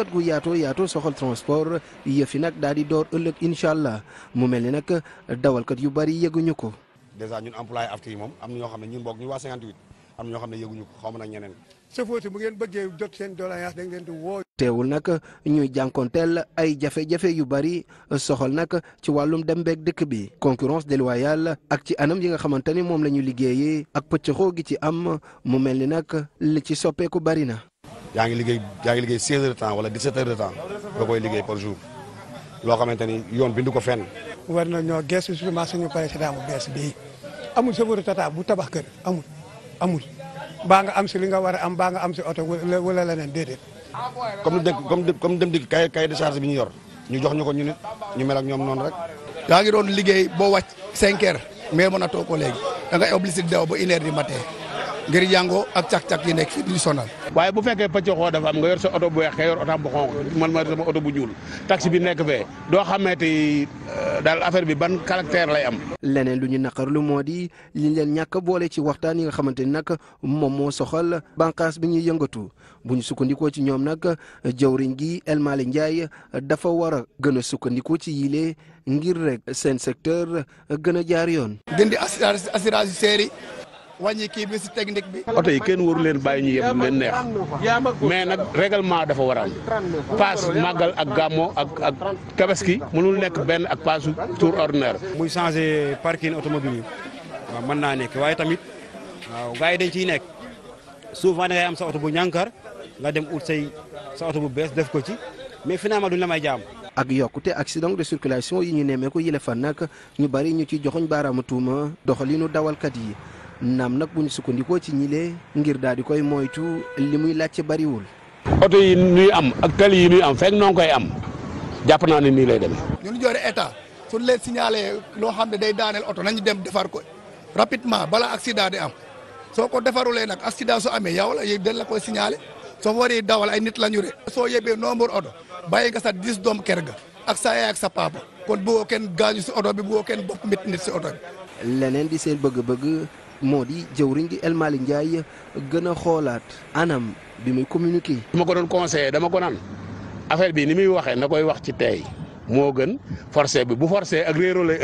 tàggat gu yaatoo yaatoo soxal transport yëf yi nag daal di door ëllëg incha allah mu mel ni nag dawalkat yu bari yëguñu ko. dèjà ñun employé afti yi moom am na ñoo xam ne ñun boog ñu waa 58 am xam ne yëguñu ko xaw ma nag ñeneen. chauffeur bu ngeen bëggee jot seen doléance da ngeen di woo. teewul nag ñuy jànkonteel ay jafe yu bari soxal nag ci wàllum dem beeg dëkk bi concurrence déloyale ak ci anam yi nga xamante ni moom la ñu liggéeyee ak pëccëxoo gi ci am mu mel ni nag li ci soppeeku bari na. yaa ngi liggéey yaa ngi liggéey 16 heures de temps wala 17 heures de temps nga koy liggéey par jour loo xamante ni yoon bindu ko fenn. war na ñoo gestu surtout suñu président bu bees bii amul chauffeur Tata bu tabax kër amul amul baa nga am si li nga war a am baa nga am si oto wala leneen déedéet. comme dëkk comme comme dem di kay kay décharge bi ñu yor ñu jox ñu ko ñu nit ñu mel ak ñoom noonu rek. yaa ngi doon liggéey boo wàcc 5 heures mais mën a toog ko léegi da ngay obligé daw ba une heure du ngir yàngoo a càq-càq yi nekk fii di sonal waaye bu fekkee pëcc xoo dafa am nga yor sa oto bu weex nga yor oto bu xonq man ma sama oto bu ñuul taxi bi nekk fee doo xamante euh, daal affaire bi ban caractère lay am. leneen lu ñu naqarlu moo di li leen ñàkk boole ci waxtaan yi nga xamante ni nag moom moo soxal bànqaas bi ñuy yëngatu bu ñu sukkandikoo ci ñoom nag jëwriñ gi El Malick Ndiaye dafa war a gën a sukkandiku ci yile ngir rek seen secteur gën a jaar yoon. wàññi kii bi technique bi. oto yi kenn waru leen bàyyi ñu yem leen neex mais nag règlement dafa war a am paas màggal ak gàmmo ak ak tabaski mënul nekk benn ak paasu tour ordinaire. muy changé parking automobile yi waaw mën naa nekk waaye tamit waaw gars yi dañ ciy nekk souvent da ngay am sa oto bu ñànkar nga dem ut say sa oto bu bees def ko ci mais finalement duñ la may jaam. ak yokkute accident de circulation yi ñu nemmeeku yile fan nag ñu bari ñu ci joxuñ baaraamu tuuma doxalinu dawalkat yi. naam nag bu ñu sukkandikoo ci ñilee ngir daal di koy moytu li muy laajte bariwul. oto yi nuy am ak tali yi nuy am fekk noo koy am jàpp naa ne nii lay demee. ñu ngi joxe état suñ leen signalé loo xam ne day daaneel oto nañu dem defar ko rapidement bala accident di am soo ko defarulee nag accident su amee yow la dañ la koy signalé soo waree dawal ay nit la ñu re soo yebee nombre oto bàyyi nga sa dix doom ker ga ak sa yaay sa papa kon bëggoo kenn gaañu si oto bi bëggoo kenn bokk mit si oto leneen di seen bëgg-bëgg. moo di jëw di El Malick Ndiaye gën a xoolaat anam bi muy communiqué. dama ko doon conseillé dama ko naan affaire bii ni muy waxee na koy wax ci tey moo gën forcé bi bu forcé ak réeroo lay